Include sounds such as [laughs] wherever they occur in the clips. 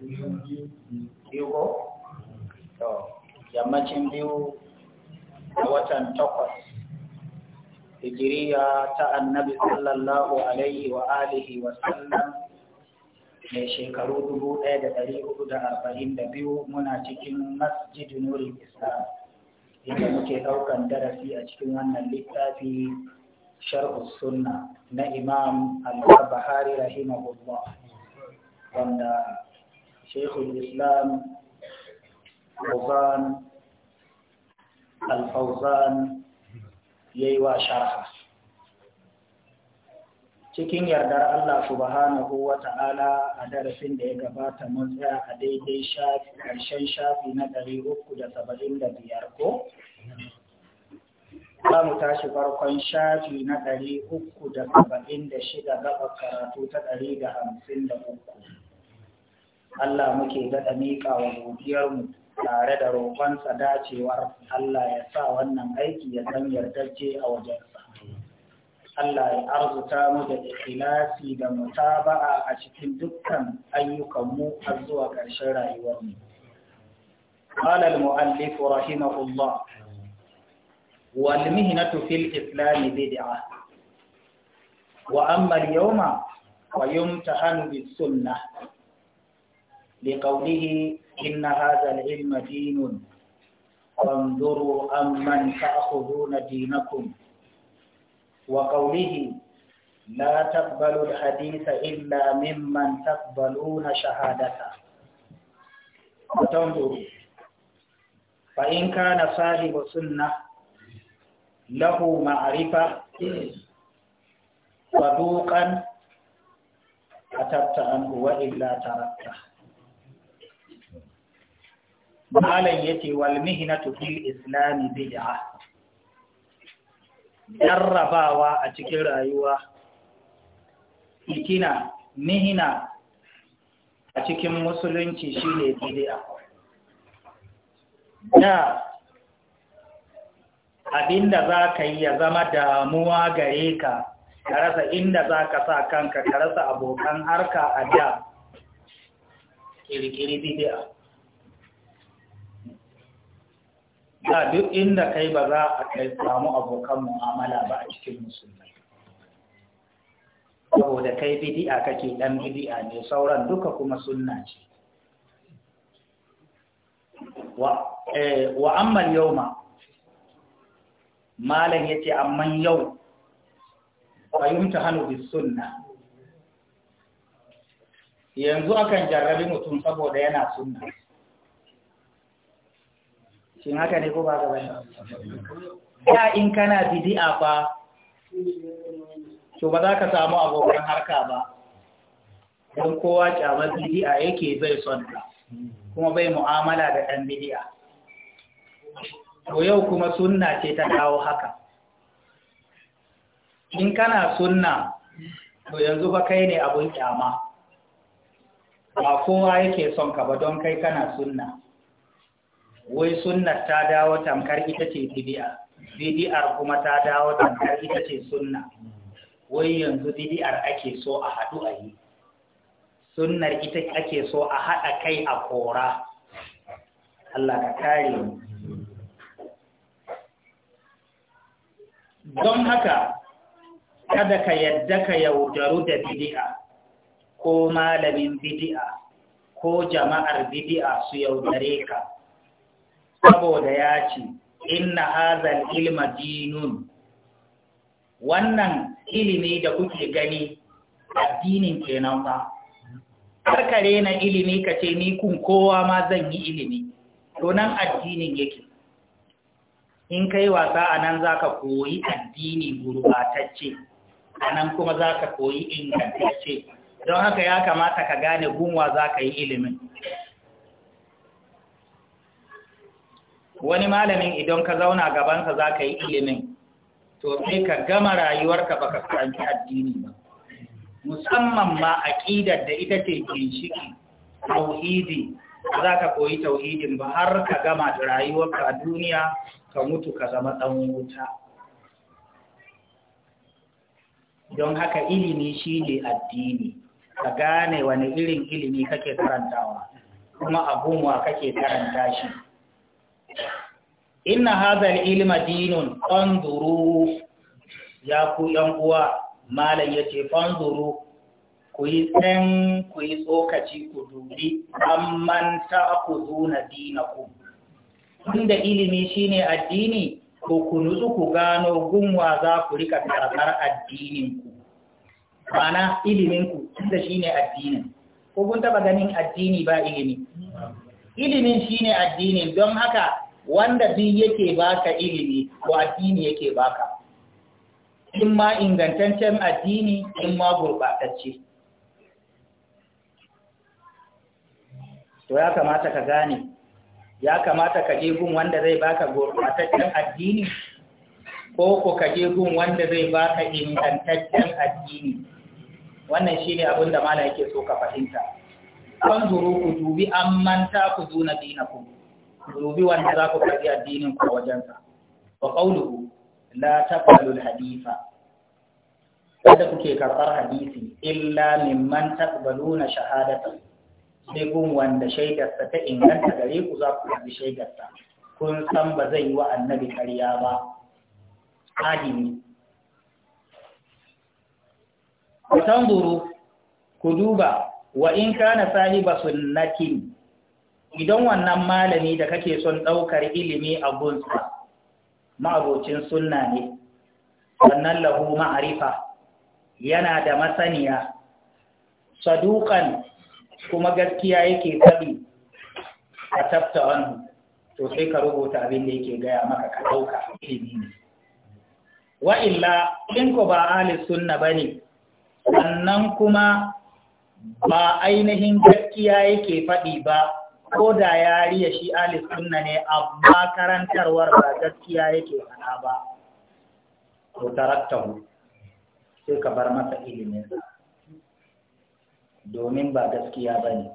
biyu yammacin biyu a watan takwas hijiriya ta annabi sallallahu alaihi wa alihi wa sallam mai shekaru dubu ɗaya da hudu da arba'in da biyu muna cikin masjid nuri islam inda muke ɗaukan darasi a cikin wannan littafi sharh sunna na imam al-bahari rahimahullah wanda shekul islam fauzan alfauzan ya yi wa sharha cikin yardar Allah subhanahu wa Wata'ala, a darasin da ya gabata mun tsaya a daidai shafi ƙarshen shafi na ɗari uku da da biyar ko? Za mu tashi farkon shafi na ɗari uku da da shida gaba karatu ta ɗari da da uku. Allah muke daɗa miƙa wa godiyarmu tare da roƙonsa dacewar Allah ya sa wannan aiki ya zan je a wajensa. Allah ya arzuta mu da ikhlasi da mutaba'a a cikin dukkan ayyukanmu har zuwa ƙarshen rayuwarmu. قال المؤلف رحمه الله والمهنة في الإسلام بدعة وأما اليوم فيمتحن بالسنة لقوله إن هذا العلم دين فانظروا أمن تأخذون دينكم وقوله لا تقبلوا الحديث إلا ممن تقبلون شهادته وتنظروا فإن كان صاحب سنة له معرفة صدوقا أتبت عنه وإلا تركته malam ce wal mihnatu fil islam bid'a jarrabawa a cikin rayuwa ikina mihina a cikin musulunci shine bid'a da za ka yi ya zama damuwa gare ka ka rasa inda za ka sa kanka ka rasa abokan harka a da kirkiri bidiya da duk inda kai ba za a kai samu abokan mu'amala ba a cikin musulmai saboda kai bidi'a kake dan bidi'a ne sauran duka kuma sunna ce wa eh wa ma, malam yace amma yau fahimta hanu bi sunna yanzu akan jarrabi mutum saboda yana sunna shi haka ne ko ba ka bane ya in kana bid'a fa to ba za ka samu abokan harka ba don kowa kyamar bid'a yake bai son ka kuma bai mu'amala da ɗan bid'a to yau kuma sunna ce ta kawo haka in kana sunna to yanzu ba kai ne abun kyama ba kowa yake son ka ba don kai kana sunna wai sunnar ta dawo tamkar ita ce bidi'a? Bidi'ar kuma ta dawo tamkar ita ce sunna wai yanzu bidi'ar ake so a haɗu a yi sunnar ita ake so a haɗa kai a kora Allah ka kare mu don haka kada ka yadda ka yaudaru da bidi'a, ko malamin bidi'a, ko jama'ar bidi'a su yaudare ka saboda ya ce inna hazal ilma dinun wannan ilimi da kuke gani addinin kenan fa karkare na ilimi ka ce ni kun kowa ma zan yi ilimi to nan addinin yake in kai wasa a nan za ka koyi addini gurbatacce a nan kuma za ka koyi ingantacce don haka ya kamata ka gane gunwa za ka yi ilimin wani malamin idan ka zauna gabansa za ka yi ilimin to sai ka gama rayuwarka baka karanci addini ba musamman ma aqidar da ita ce ginshiki tauhidi za ka koyi tauhidin ba har ka gama rayuwarka a duniya ka mutu ka zama ɗan wuta don haka ilimi shine addini ka gane wani irin ilimi kake karantawa kuma wa kake karanta shi inna hazal ilma dinun fanzuru ya ku yan uwa malam yace fanzuru ku yi tsan ku yi tsokaci ku dubi amman ta'khuduna dinakum inda ilimi shine addini ko ku nutsu ku gano gunwa za ku rika karɓar addinin ku ma'ana ilimin ku inda shine addinin ko kun taba ganin addini ba ilimi ilimin shine addinin don haka wanda duk yake baka ilimi ko addini yake baka in ma ingantaccen addini in ma gurbatacce to ya kamata ka gane ya kamata ka je gun wanda zai baka gurbataccen addini ko ko ka je gun wanda zai baka ingantaccen addini wannan shine abin da mala yake so ka fahimta kan zuru ku dubi an manta ku duna dinakum dubi wanda za ku karɓi addinin ku a wajensa wa qawluhu la taqbalu haditha wanda kuke karɓar hadisi illa mimman taqbaluna shahadata sai kun wanda shaidarta ta inganta gare ku za ku karɓi shaidarsa kun san ba zai yi wa annabi karya ba adini ku tanzuru ku duba wa in kana sahiba sunnatin idan wannan malami da kake son ɗaukar ilimi a gunsa ma'abocin sunna ne sannan lahu ma'arifa yana da masaniya sadukan kuma gaskiya yake faɗi a tafta to sai ka rubuta abin da yake gaya maka ka ɗauka ilimi ne wa'illa in ku ba alis sunna ba ne sannan kuma ba ainihin gaskiya yake faɗi ba ko da yariya shi alif sunna ne a karantarwar ba gaskiya yake fada ba to tarattahu sai ka bar masa ilimin domin ba gaskiya ba ne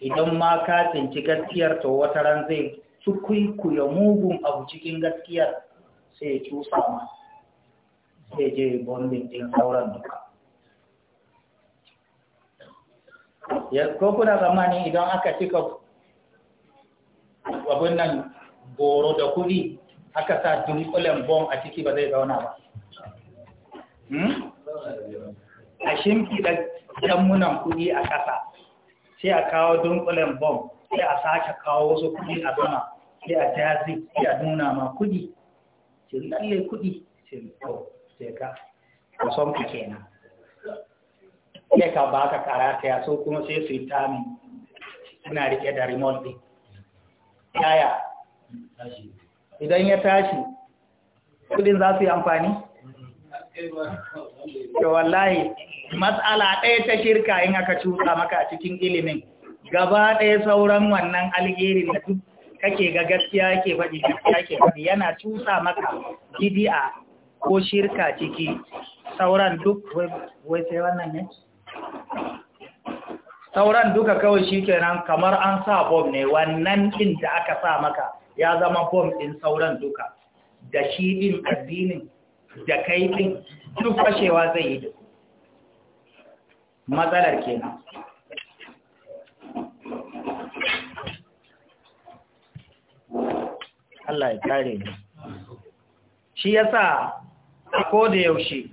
idan ma ka tsinci gaskiyar to wata ran zai ya mugun abu cikin gaskiyar sai ya cusa ma sai je bombin ɗin sauran duka ko kuna zamani idan aka cika abin nan goro da kuɗi aka sa dunkulen bom a ciki ba zai zauna ba hmm? a da jammunan kuɗi a ƙasa sai a kawo dunkulen bom sai a sake kawo wasu kuɗi a zama sai a jazi sai a nuna ma kuɗi sai lalle kuɗi sai ka kusan ka kenan ne ka ba ka karataya so kuma sai su yi tami suna rike da remote ɗin yaya idan ya tashi kudin za su yi amfani ke wallahi matsala ɗaya ta shirka in aka cuta maka a cikin ilimin gaba ɗaya sauran wannan alherin da duk kake ga gaskiya ke faɗi gaskiya ke faɗi yana cusa maka gidi a ko shirka ciki sauran duk wai sai wannan ne sauran duka kawai shi kenan kamar an sa bom ne wannan ɗin da aka sa maka ya zama bom din sauran duka da shi din addinin da kai ɗin duk fashewa zai yi duk matsalar kenan Allah ya kare shi yasa ko da yaushe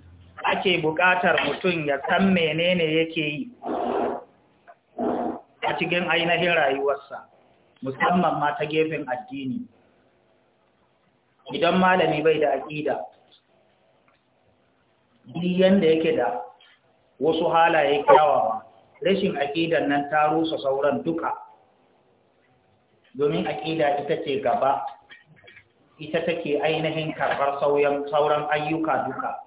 ake buƙatar mutum ya san menene yake yi a cikin ainihin rayuwarsa musamman ma ta gefen addini idan malami bai da aƙida yanda yake da wasu halaye kyawawa rashin aƙidan nan ta rusa sauran duka domin aƙida ita ce gaba ita take ainihin karɓar sauran ayyuka duka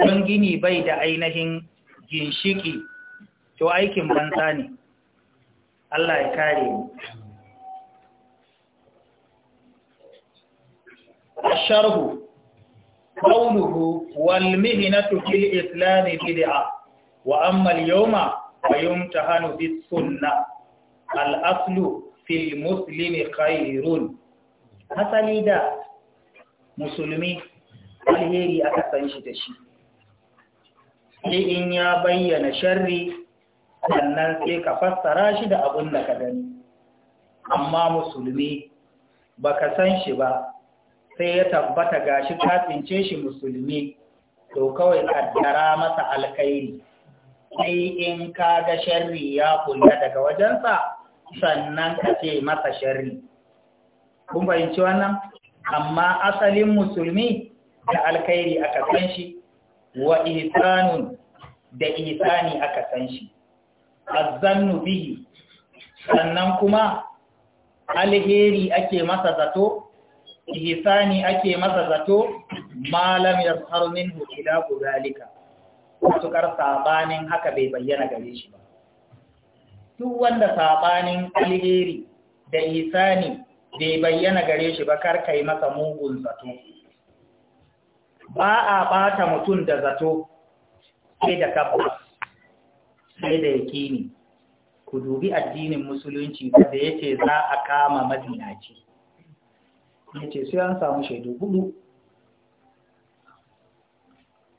don gini bai da ainihin ginshiki to aikin banza ne Allah ya kare mu sharhu qawluhu wal mihnatu fil islam bid'a wa amma al yawma fayumtahanu bis sunna al aslu fil muslimi khairun hasalida muslimi alheri aka san shi da shi sai in ya bayyana sharri sannan sai ka fassara shi da abin da ka gani amma musulmi baka san shi ba sai ya tabbata gashi ka tsince shi musulmi to kawai kaddara masa alkhairi sai in ka ga sharri ya kula daga wajensa sannan ka ce masa sharri kun fahimci wannan amma asalin musulmi da alkairi aka san shi wa ihsanu da ihsani aka san shi azzannu bihi sannan kuma alheri ake masa zato ihsani ake masa zato malam yasharu minhu ila zalika kar sabanin haka bai bayyana gare shi ba duk wanda sabanin alheri da ihsani bai bayyana gare shi ba kar kai masa mugun zato ba a ɓata mutum da zato sai da kafa. sai da yakini ku dubi addinin musulunci da ce za a kama Ya ce sai an samu shaidu hudu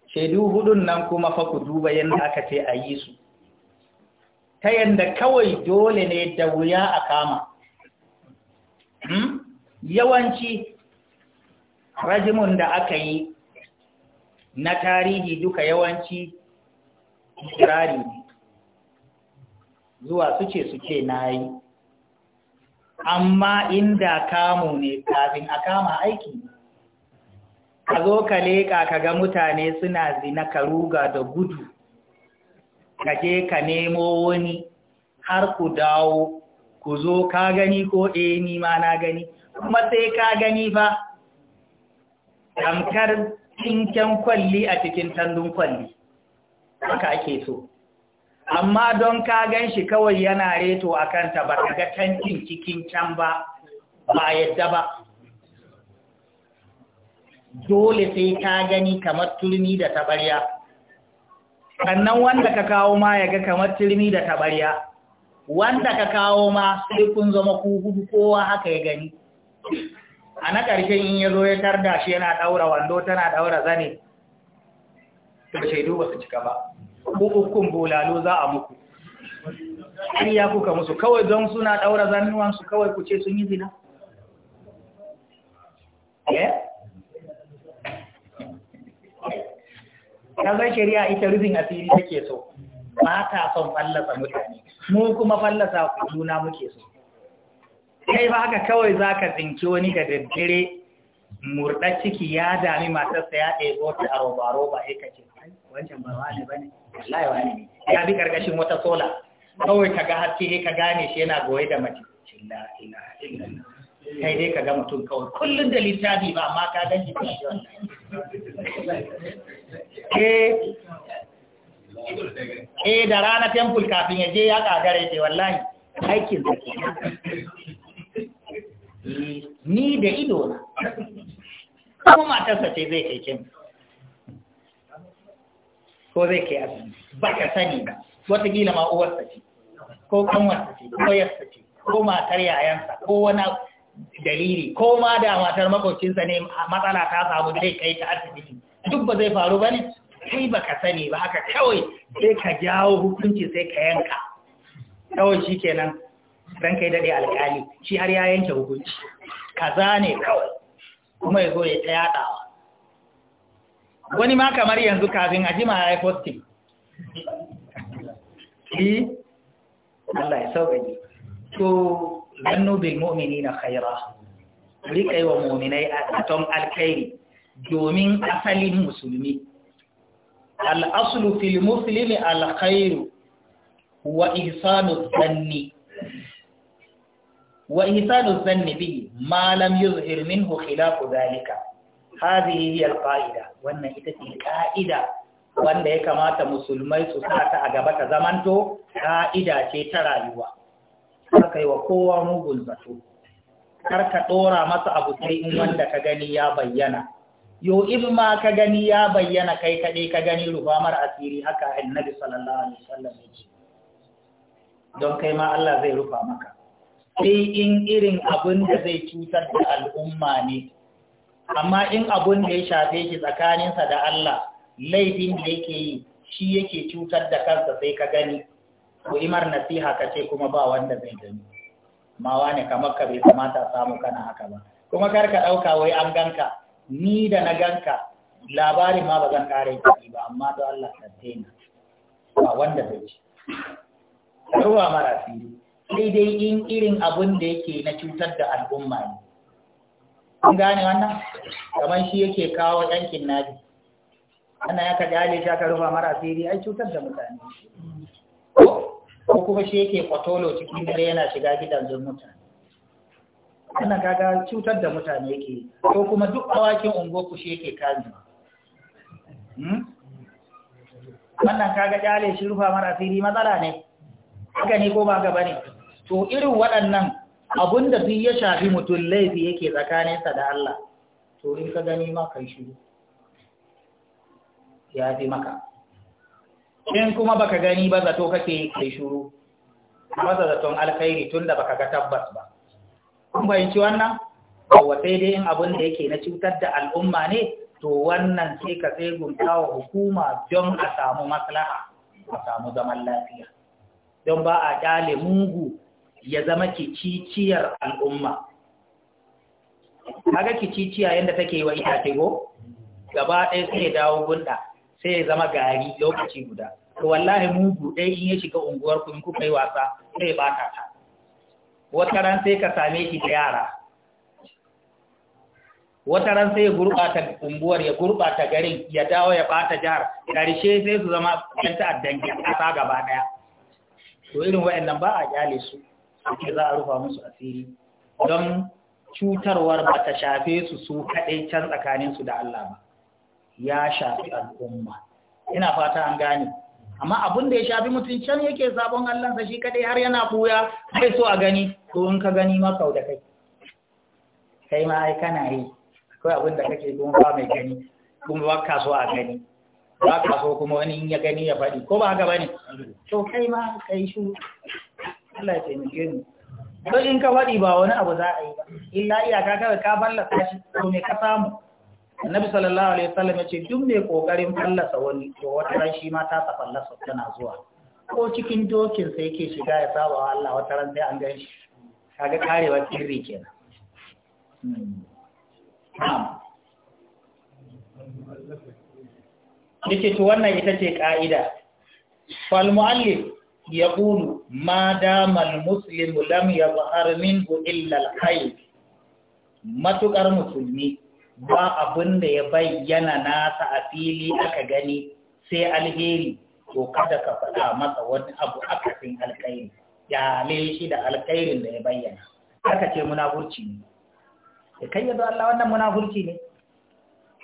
shaidu hudun nan kuma fa ku duba yadda aka ce a yi su ta yadda kawai dole ne da wuya a kama hmm? yawanci rajimun da aka yi na tarihi duka yawanci kirari ne zuwa suce suke nayi amma inda kamu ne kafin a kama aiki ka zo ka leƙa ka ga mutane suna zina ka ruga da gudu ka je ka nemo wani har ku dawo ku zo ka gani ko eh ni ma na gani kuma sai ka gani fa tamkar tsinken kwalli a cikin tandun kwalli haka ake so amma don ka gan shi kawai yana reto a kanta ba ka ga tantin cikin can ba ba yadda ba dole sai ka gani kamar turmi da tabarya sannan wanda ka kawo ma ya ga kamar turmi da tabarya wanda ka kawo ma sai kun zama ku kowa haka ya gani a na ƙarshen in ya zo ya tarda shi yana ɗaura wando tana ɗaura zane to shaidu ba su cika ba ƙuƙuƙun ukun za a muku ya kuka musu kawai don suna ɗaura su, kawai ku ce sun yi zina Ya eh? zai shari'a ita rufin asiri take so ba ta son fallasa mutane mu kuma fallasa juna muke so kai ba haka kawai za ka tsinci wani da daddare murɗa ciki ya dami matarsa ya ɗebo ta arobaro roba-roba ya kace wancan ba ne ba ne wallahi wa ne ya bi ƙarƙashin wata sola kawai ka ga haske ka gane shi yana goye da mace kai dai ka ga mutum kawai kullum da littafi ba amma ka gan ba shi wannan eh, eh da rana temple kafin ya je ya kagare ce wallahi aikin ke. ni da ido na kuma matarsa ce zai kai kin ko zai kai asibiti ba ka sani ba gila ma uwarsa ce ko kanwarsa ce ko yarsa ce ko matar yayansa ko wani dalili ko ma da matar makwabcinsa ne matsala ta samu zai kai ta asibiti duk ba zai faru ba ne kai ba ka sani ba haka kawai sai ka jawo hukunci sai ka yanka kawai shi kenan ran kai daɗe alƙali shi har ya yanke hukunci kaza ne kawai kuma ya zo ya ta yaɗawa wani ma kamar yanzu kafin a jima ya yi fostin shi Allah ya sauƙaƙi to zannu bil mu'mini na khaira yi wa mu'minai a ton alkhairi domin asalin musulmi al'asulu fil muslimi alkhairu wa ihsanu dhanni wa ihsanu zanni ma lam yuzhir minhu khilafu zalika hadhihi hiya alqaida wannan ita ce ka'ida. wanda ya kamata musulmai su sa ta a gaba ta zamanto ka'ida ce ta rayuwa kar kai wa kowa mugun zato kar ka ɗora masa abu sai in wanda ka gani ya bayyana yo in ma ka gani ya bayyana kai kaɗai ka gani rufamar asiri haka annabi sallallahu alaihi wasallam yake don kai ma Allah zai rufa maka sai in irin abin da zai cutar da al'umma ne amma in abin da ya shafe shi tsakaninsa da Allah laifin da yake yi shi yake cutar da kansa sai ka gani ko imar nasiha ka ce kuma ba wanda zai gani mawa ne kamar ka bai kamata samu kana haka ba kuma kar ka ɗauka wai an ganka ni da na ganka labarin ma ba zan ƙara yi ba amma don Allah ka daina ba wanda zai ci ruwa mara fili sai dai in irin abun da yake na cutar da al'umma ne kun gane wannan kamar shi yake kawo yankin nabi ana ya ka jale shi aka rufa mara siri ai cutar da mutane ko kuma shi yake kwatolo cikin dare yana shiga gidan zuwa mutane ana kaga cutar da mutane yake ko kuma duk awakin ku shi yake kamewa hmm? wannan kaga jale shi rufa mara siri matsala ne haka ne ko ba gaba ne to irin waɗannan abun da fi ya shafi mutum laifi yake tsakaninsa da Allah to in ka gani ma kai ya fi maka in kuma baka gani ba zato kake kai shiru masa zaton alkhairi tunda baka ga tabbas ba kun bayanci wannan kawai sai dai in abun da yake na cutar da al'umma ne to wannan sai ka sai wa hukuma don a samu maslaha a samu zaman lafiya don ba a ƙyale mugu ya zama kiciciyar al'umma kaga kiciciya yadda take yi wa itace go gaba ɗaya sai dawo gunda sai ya zama gari lokaci guda to wallahi mu buɗe in ya shiga unguwar ku in kuka yi wasa sai ya bata ta wata ran sai ka same shi da yara wata ran sai ya gurɓata unguwar ya gurɓata garin ya dawo ya bata jihar ƙarshe sai su zama ɗan ta'addan ƙasa gaba ɗaya to irin waɗannan ba a ƙyale su suke za a rufa musu asiri don cutarwar ba ta shafe su su kaɗai can tsakaninsu da Allah ba ya shafi al'umma ina fata an gane amma abin da ya shafi mutum can yake sabon Allahnsa shi kaɗai har yana buya kai so a gani to in ka gani ma kau da kai kai ma ai kana yi akwai abin da kake don ba mai gani kuma ba ka so a gani ba ka so kuma wani in ya gani ya faɗi ko ba haka bane to kai ma kai shi Allah ya taimake ni. don in ka faɗi ba wani abu za a yi ba illa iyaka kawai ka ballasa shi to me ka samu annabi sallallahu alaihi wasallam ya ce duk mai kokarin fallasa wani to wata ran shi ma ta sa fallasa tana zuwa ko cikin dokin sai yake shiga ya saba wa Allah wata ran sai an gan shi kaga karewa kirri kenan Yake to wannan ita ce ƙa'ida. mu'allif يقول ما دام المسلم لم يظهر منه إلا الخير matukar musulmi ba abin da ya bayyana nasa a fili aka gani sai alheri ko kada ka faɗa masa wani abu akasin alkairi ya shi da alkairin da ya bayyana aka ce munafurci ne da kai ya zo Allah wannan munafurci ne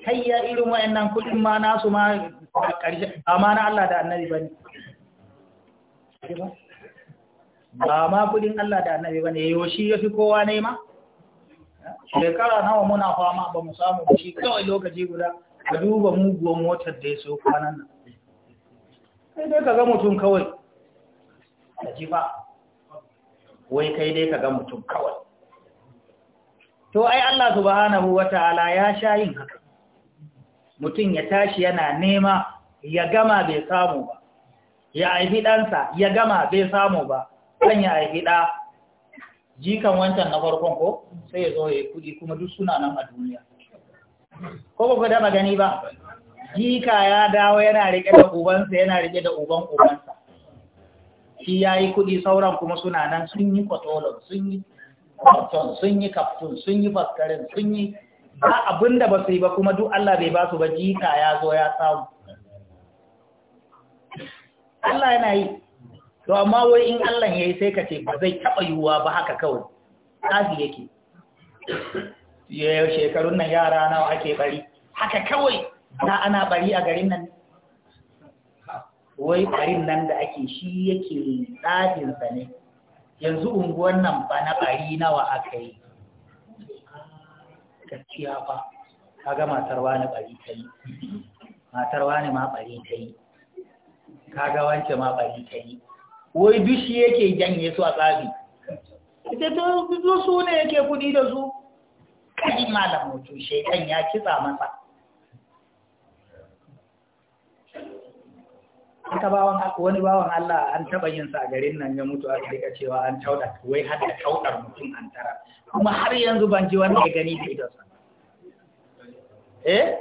kai ya irin wa'annan kuɗin ma nasu ma ba ma na Allah da annabi ba ne ba ma kudin Allah da annabi bane ya fi kowa nema shekara nawa muna fama ba mu samu ba shi kawai lokaci guda ka duba muguwan motar da ya so kwanan nan sai dai ka ga mutum kawai da ji ba wai kai dai ka ga mutum kawai to ai Allah subhanahu wata'ala ya sha yin haka mutum ya tashi yana nema ya gama bai samu ba ya aifi ɗansa ya gama bai samu ba kan ya aifi ɗa jikan wancan na farkon ko sai ya zo ya yi kuɗi kuma duk suna nan a duniya ko ba ku da magani ba jika ya dawo yana rike da ubansa yana rike da uban ubansa shi ya yi kuɗi sauran kuma suna nan sun yi kwatolon sun yi kwatolon sun yi kaftun sun yi faskarin sun yi ba abinda da ba su yi ba kuma duk Allah bai ba su ba jika ya zo ya samu Allah yana yi to amma wai in Allah yayi sai ka ce ba zai taba yiwuwa ba haka kawai tsafi yake yau shekarun nan yara nawa ake bari haka kawai da ana bari a garin nan wai barin nan da ake shi yake tsafinsa ne yanzu unguwar nan ba na bari nawa aka yi gaskiya ba kaga matar wani bari ta yi matar wani ma bari ta yi kaga wance ma bari ta yi wai duk shi yake janye su a tsari ita to su ne yake kudi da su kai malam mutu shekan ya kitsa masa aka bawan wani bawan Allah an taba yin sa garin nan ya mutu aka rika cewa an tauda wai har da taudar mutum an tara kuma har yanzu ban ji wanda ya gani da ita. eh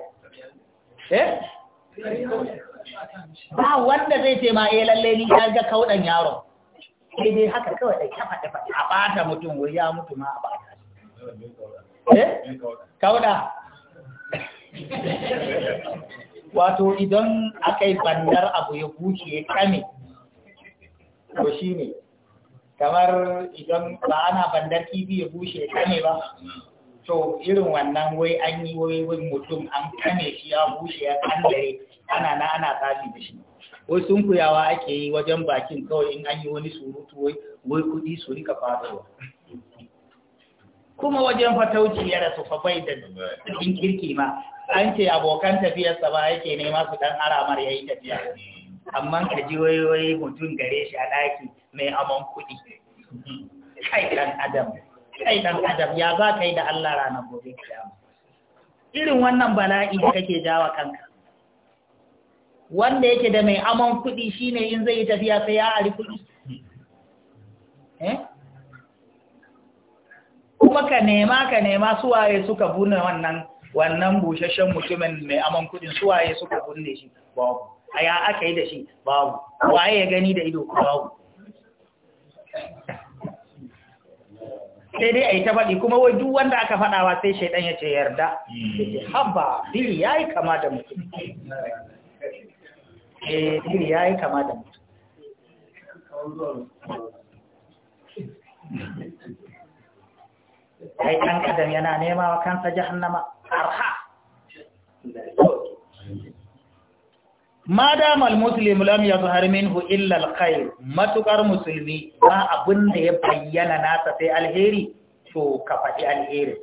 eh ba wanda zai ce ma eh lalle ni ya ga kaudan yaro sai dai haka kawai da kafa da a bata mutum wai ya mutu ma a bata eh kauda wato idan akai bandar abu ya buce kame to shine kamar idan ba ana bandar kifi ya bushe kame ba to irin wannan wai an yi wai mutum an kame shi ya bushe ya kandare ana na ana tashi da shi wai sun kuyawa ake yi wajen bakin kawai in an yi wani surutu wai kudi su rika fatowa kuma wajen fatauci ya rasu fa bai da cikin kirki ma an ce abokan tafiyarsa ba yake nema su dan aramar yayi tafiya amma ka ji wayoyi mutum gare shi a ɗaki mai amon kuɗi kai dan adam kai dan adam ya za ka yi da Allah ranar gobe kiyama irin wannan bala'i kake jawa kanka wanda yake da mai aman kuɗi shine in zai yi tafiya sai ya ari kuɗi eh? kuma ka nema ka nema suwaye suka bunne wannan wannan bushashen mutumin mai aman kuɗin suwaye suka bunne shi babu a ya aka yi da shi babu waye ya gani da ido babu sai dai a yi ta faɗi kuma wai duk wanda aka faɗawa sai shaidan ya ce yarda hmm. haba bili ya yi kama da mutum eh iri ya kama da mutum ai ma muslim lam yazhar minhu illa alkhair matukar musulmi ba abin da ya bayyana nasa sai alheri to ka faɗi alheri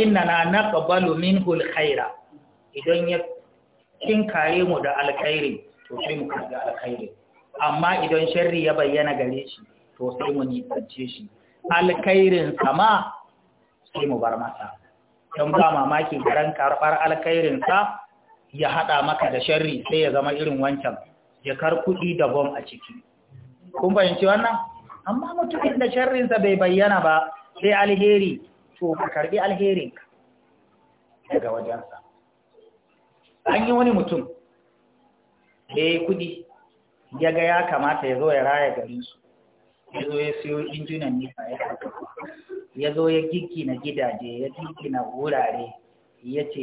inna na naqbalu minhu alkhaira idan ya kin kare mu da alkhairi to sai mu karbi alkhairi amma idan sharri ya bayyana gare shi to sai mu nisance shi alkhairin sama sai mu bar masa don ba mamaki garan karbar alkhairin sa ya hada maka da sharri sai ya zama irin wancan ya kar kudi da bom a ciki kun fahimci wannan amma mutumin da sharrin sa bai bayyana ba sai alheri to ka karbi alherin daga wajensa an yi wani mutum da ya yi kudi ya ga ya kamata ya zo ya raya garinsu ya zo ya siyo injunan nifa ya haka ya zo ya na gidaje ya na wurare ya ce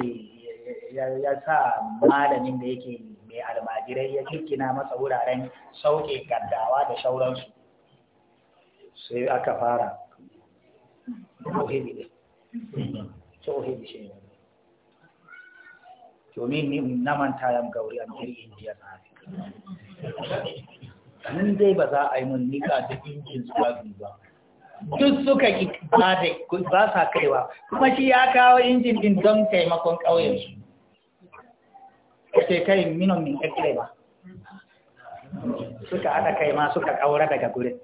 ya sa malamin da yake mai almajirai ya na masa wuraren sauke gaddawa da shauransu sai aka fara tsohidi ne shi ne domin ni na manta yam gauri an kiri indiya na nan dai ba za a yi mun nika da injin swabi ba duk suka ki ba da ba sa kaiwa kuma shi ya kawo injin din don taimakon ƙauyen shi sai kai minon min ƙaƙƙare ba suka ada kai ma suka ƙaura daga gurin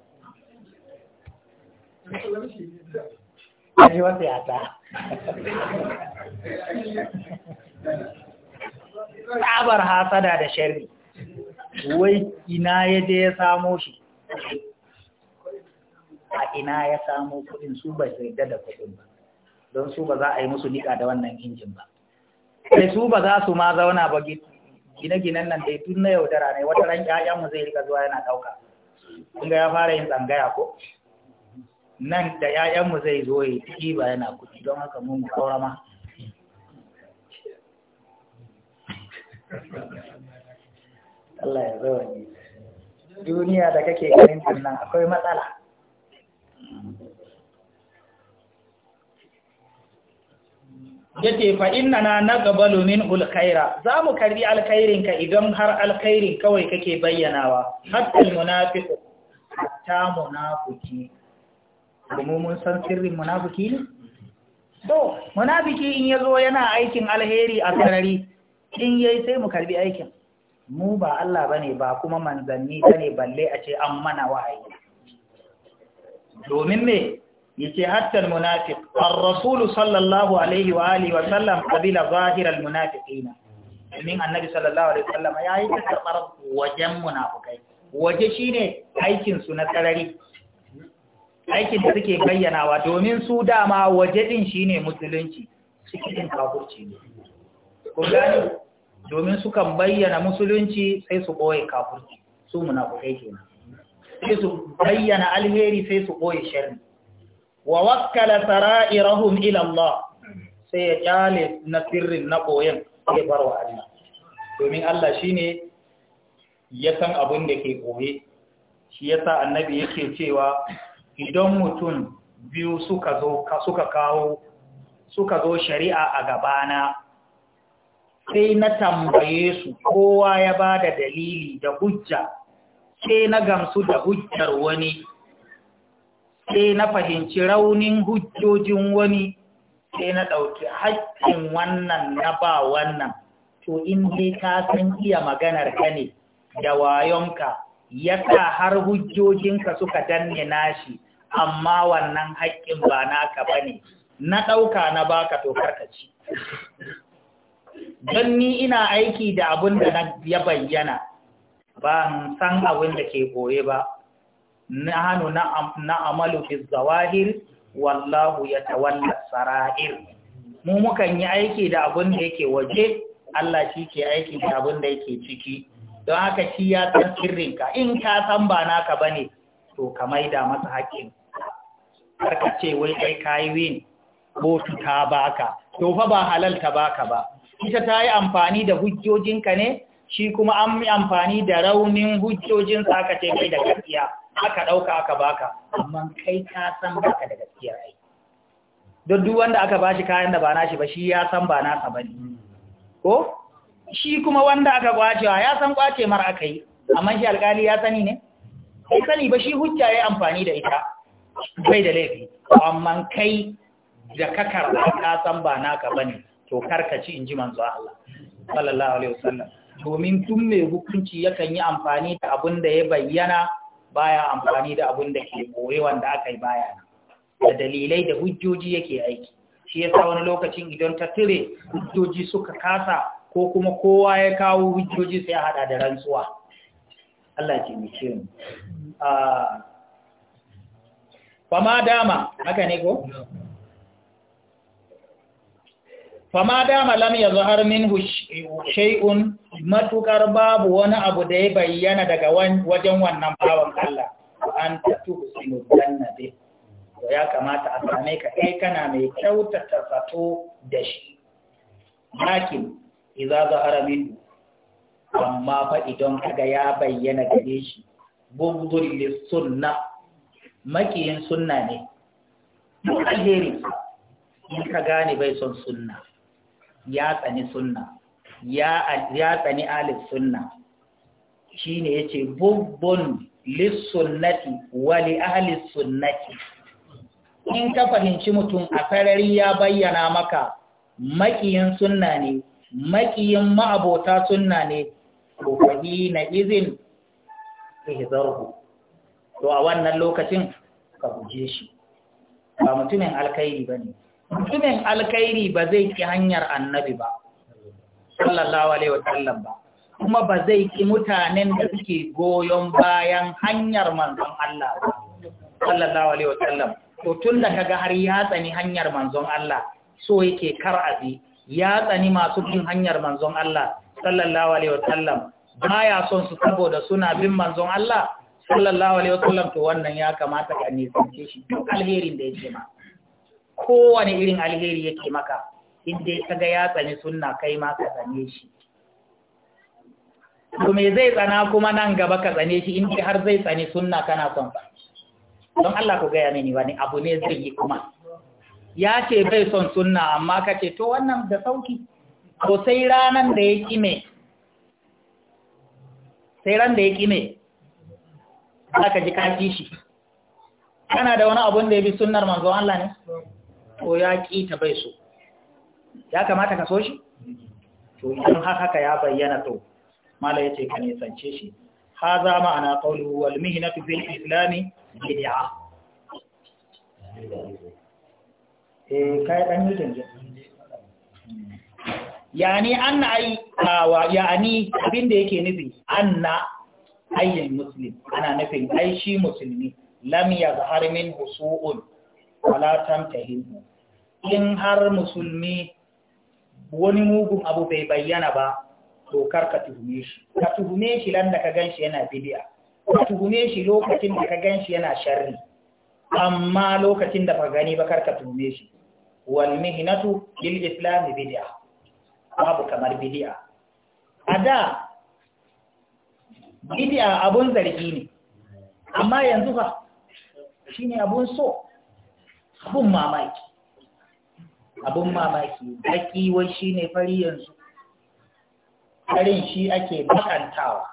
Thank you. tsabar hasada da sharri wai ina ya je ya samo shi a ina ya samo kudin su ba su da kudin ba don su ba za a yi musu nika da wannan injin ba sai su ba za su ma zauna ba gine-ginen nan dai tun na yaudara ne wata ran ƴaƴanmu zai rika zuwa yana ɗauka kun ga ya fara yin tsangaya ko nan da ƴaƴanmu zai zo ya ci ba yana kuɗi don haka mun kaurama Allah ya zo ne duniya da kake ganin nan akwai matsala yace na gaba lomin ulkaira alkhaira mu karbi alkairin ka idan har alkhairin kawai kake bayyanawa hatta almunafiq hatta munafiki kuma mun san sirrin munafiki ne to munafiki in ya zo yana aikin alheri a sarari in yayi sai mu karbi aikin mu ba Allah bane ba kuma manzanni bane balle a ce an mana wa’ayi domin me yace hatta munafik. ar-rasul sallallahu alaihi wa alihi wa sallam kabila zahir almunafiqin domin annabi sallallahu alaihi wa sallam yayi karbar wajen munafikai waje shine aikin su na tsarari aikin da suke bayyanawa domin su dama waje din shine musulunci cikin kafirci ne ko gani domin sukan bayyana musulunci sai su ɓoye kafurci su muna munafukai kenan sai su bayyana alheri sai su ɓoye sharri wa wakkala sara'irahum ila Allah sai ya kyale na sirrin na ɓoyen sai wa Allah domin Allah shine ya san abin da ke ɓoye shi yasa annabi yake cewa idan mutum biyu suka zo suka kawo suka zo shari'a a gabana sai na tambaye su kowa ya ba da dalili da hujja sai na gamsu da hujjar wani sai na fahimci raunin hujjojin wani sai na ɗauki haƙƙin wannan na ba wannan to in dai ka san iya maganar ka ne da wayonka ya sa har hujjojinka suka danne nashi amma wannan haƙƙin ba naka ba ne, na ɗauka na baka to karkaci don ni ina aiki da abin da ya bayyana ba san abin da ke goye ba na hannu na amalu fi zawahir wallahu ya tawalla sara'ir mu mukan yi aiki da abin da yake waje Allah shi ke aiki da abin da yake ciki don haka shi ya san sirrinka in ka san ba naka bane to ka maida masa haƙƙin karka ce wai kai kayi win ko ta baka to fa ba halal ta baka ba ita ta yi amfani da hujjojinka ne shi kuma an yi amfani da raunin hujjojin sa aka ce mai da gaskiya aka ɗauka aka baka amma kai ka san baka da gaskiya ai don duk wanda aka bashi kayan da ba nashi ba shi ya san ba nasa ba ne ko shi kuma wanda aka kwacewa ya san kwace mara aka yi amma shi alkali ya sani ne kai sani ba shi hujja ya amfani da ita bai da laifi amma kai da kakar ka san ba naka ba ne to karkaci in ji manzo Allah sallallahu alaihi wasallam domin tun mai hukunci yakan yi amfani da abin da ya bayyana baya amfani da abin da ke boye wanda aka yi baya da dalilai da hujjoji yake aiki shi yasa wani lokacin idan ta tire hujjoji suka kasa ko kuma kowa ya kawo hujjoji sai ya hada da rantsuwa Allah ce mu ce ah, mu dama haka ne ko fama dama lam ya zahar min shay'un matukar babu wani abu da ya bayyana daga wajen wannan bawan Allah an tatu sinu jannabi to ya kamata a same ka kai kana mai kyautata sato da shi lakin idza zahara min amma fa idan kaga ya bayyana gare shi bughdul lisunna makiyin sunna ne alheri in ka gane bai son sunna ya tsani sunna ya tsani alif sunna shine yace ya ce bubbun lissunnati wali ahli sunnati in ka fahimci mutum a sarari ya bayyana maka makiyin sunna ne makiyin ma'abota sunna ne ko na izin ihzarhu to a wannan lokacin ka guje shi ba mutumin alkhairi bane mutumin alkairi ba zai ki hanyar annabi ba sallallahu alaihi wasallam ba kuma ba zai ki mutanen da suke goyon bayan hanyar manzon Allah ba sallallahu alaihi wasallam to tun da kaga har ya tsani hanyar manzon Allah so yake kar azi, ya tsani masu bin hanyar manzon Allah sallallahu alaihi wasallam ya son su saboda suna bin manzon Allah sallallahu alaihi wasallam to wannan ya kamata ka nisance shi duk alherin da ya ce ma kowane irin alheri yake maka inda ya ga ya tsani sunna kai ma ka tsane shi to me zai tsana kuma nan gaba ka tsane shi inda har zai tsani sunna kana son don Allah ku gaya mini wani abu ne zai yi kuma ya ce bai son sunna amma ka ce to wannan da sauki to sai ranan da ya me, sai ran da ya za ka ji kashi shi kana da wani abun da ya bi sunnar manzo Allah ne to ya ƙi ta bai so ya kamata ka so shi to idan har haka ya bayyana to mala yace ka nisance shi haza ma'ana qawluhu wal mihnatu fil islami bid'a eh kai dan yi tunje yani anna ai wa yani abinda yake nufi anna ayyin muslim ana nufin ai shi musulmi lam yazhar min husu'un wala tahimu in har musulmi wani mugun abu bai bayyana ba to kar tuhume shi ka tuhume shi lan da ka ganshi yana bid'a ka tuhume shi lokacin da ka ganshi yana sharri amma lokacin da ba gani ba karka tuhume shi wal mihnatu lil islam bid'a babu kamar bid'a ada bid'a abun zargi ne amma yanzu fa shine abun so abun mamaki abun mamaki baki wai shi ne fari yanzu farin shi ake bakantawa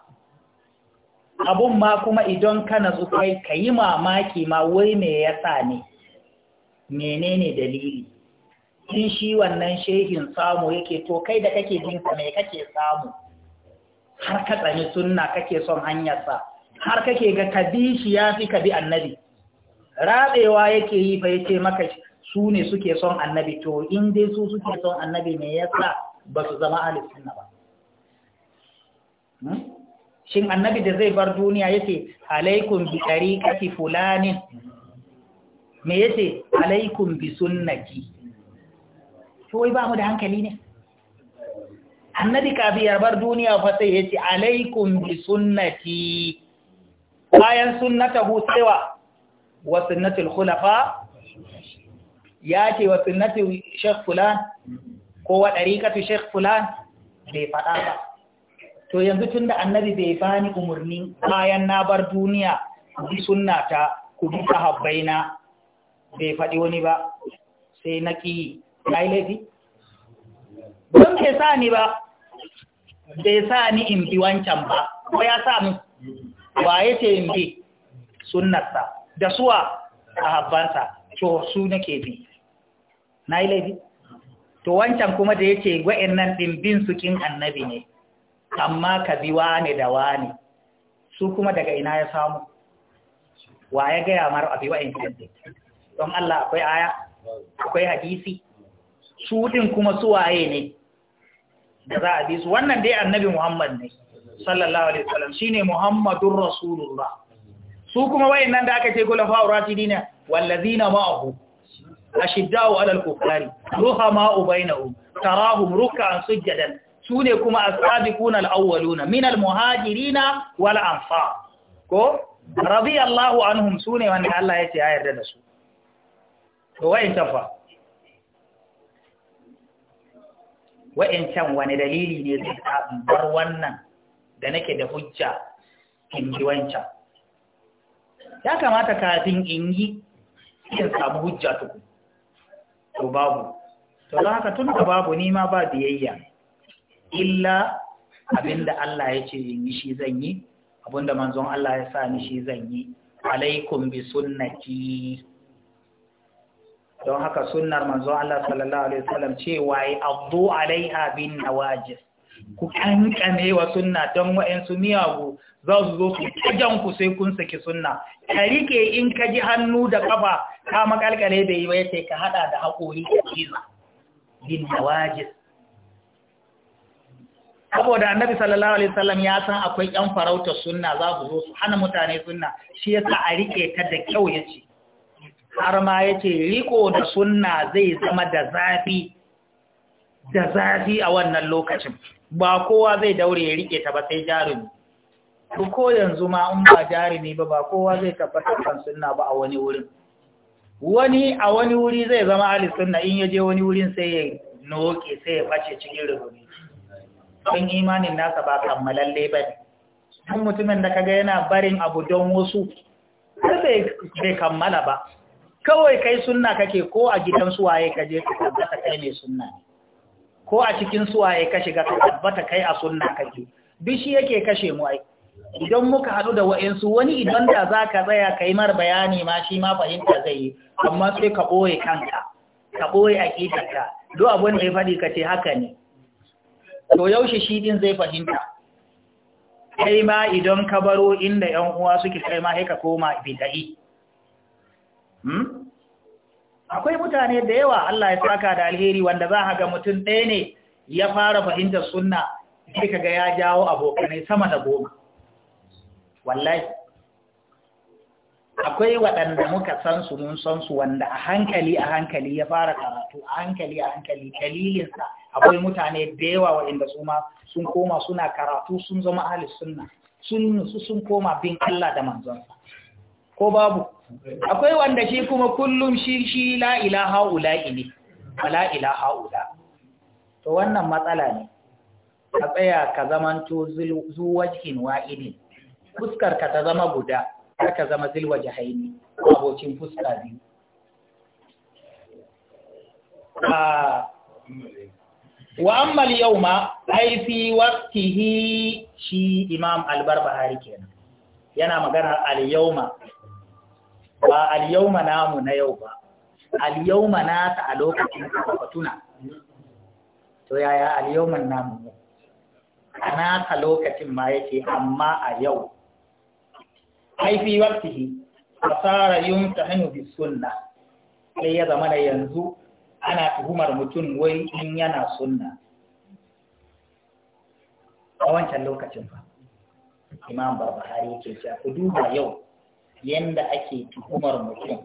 abun ma kuma idan ka na kai ka yi mamaki ma wai me yasa ne menene dalili in shi wannan shehin samu yake to kai da kake jinsa mai kake samu har ka tsani sunna kake son hanyarsa har kake ga ka bi shi ya fi ka bi annabi rabewa yake yi fa yace maka su ne suke son annabi to in dai su suke son annabi me yasa ba su zama ahli sunna ba hmm? shin annabi da zai bar duniya yace alaikum bi tariqati fulani me yace alaikum bi sunnati to wai ba mu da hankali ne annabi bi ya bar duniya fa sai yace alaikum bi sunnati bayan sunnatahu sai wa wa sunnatul khulafa ya ce wa sunnatul sheikh fulan ko wa fulan bai faɗa ba to yanzu tunda annabi bai bani umurni bayan na bar duniya bi sunnata ku bi sahabbaina bai faɗi wani ba sai na ƙi ya yi laifi don ke sa ni ba bai sa ni in bi wancan ba ko ya sa mu waye ce in bi sunnarsa da suwa a habbansa to su nake bi na yi laifi to wancan kuma da yake wa'annan ɗimbin su kin annabi ne amma ka bi wane da wane su kuma daga ina ya samu wa ya gaya mara abi wa'in kanta don Allah akwai aya akwai hadisi su din kuma su waye ne da za a bi su wannan dai annabi Muhammad ne sallallahu alaihi wasallam shine Muhammadur Rasulullah su kuma wayannan da aka ce khulafa'ur rashidin wallazina ma'ahu ashiddau 'alal kufari ruhama'u an tarahum ruk'an Su ne kuma a sabiquna al-awwaluna min al-muhajirina wal ansar ko radiyallahu anhum sune wanda Allah ya ce ya yarda da su to wayancan fa wayancan wani dalili ne zai bar wannan da nake da hujja in ji wancan ya kamata kafin in yi in samu hujja tuku to babu to don haka tun da babu nima ba biyayya illa abinda Allah ya ce yin shi zan yi abinda manzon Allah ya sa ni shi zan yi alaikum bi sunnati don haka sunnar manzo Allah sallallahu alaihi wasallam ce wai abdu alaiha bin nawajis ku kankane wa sunna don wa'ansu miyagu za su zo su kajan ku sai kun saki sunna ka rike in ka ji hannu da kafa ka makalkale bai yi ba ka hada da haƙori da ciza bin wajib saboda annabi sallallahu alaihi wasallam ya san akwai yan farauta sunna za su zo su hana mutane sunna shi yasa a rike ta da kyau yace har ma yace riko da sunna zai zama da zafi da zafi a wannan lokacin ba kowa zai daure ya rike ta ba sai jarumi duk ko yanzu ma in ba jarumi ba ba kowa zai tabbatar kan sunna ba a wani wurin wani a wani wuri zai zama ahli sunna in yaje wani wurin sai ya noke sai ya bace cikin rubuni don imanin nasa ba kammalalle ba ne tun mutumin da kaga yana barin abu don wasu sai bai kammala ba kawai kai sunna kake ko a gidan suwaye ka je ka tabbata kai mai sunna ko a cikin suwaye ka shiga ka tabbata kai a sunna kake duk shi yake kashe mu ai idan muka haɗu da wa'insu wani idan da za ka tsaya ka yi mar bayani ma shi ma fahimta zai yi amma sai ka ɓoye kanka ka ɓoye a ƙitarka duk abin da ya faɗi ka ce haka ne to yaushe shi ɗin zai fahimta kai ma idan ka baro inda ‘yan uwa suke kai ma ka koma bida'i hmm? akwai mutane da yawa Allah ya saka da alheri wanda za a ga mutum ɗaya ne ya fara fahimtar sunna sai ka ga ya jawo abokanai sama da goma wallahi akwai waɗanda muka san su mun san su wanda a hankali a hankali ya fara karatu a hankali a hankali kalilinsa akwai mutane da yawa waɗanda su ma sun koma suna karatu sun zama ahli sunna sun nusu sun koma bin Allah da manzonsa ko babu akwai wanda shi kuma kullum shi shi la ilaha ula ne la ilaha ula to wannan matsala ne a tsaya ka zamanto zuwajin wa'idin fuskar ka ta zama guda kar ka zama zilwa jahaini abocin fuska biyu ah, wa ammal yawma ai fi waqtihi shi imam al-barbahari kenan yana magana al-yawma ba al-yawma namu na yau ba al-yawma na ta a lokacin fatuna to yaya al-yawman namu ne ana ta lokacin ma yake amma a yau ai fi waqtihi fasara yumtahinu bi sunna sai ya zama da yanzu ana tuhumar mutum wai in yana sunna a wancan lokacin fa imam barbahari yake cewa ku duba yau yanda ake tuhumar mutum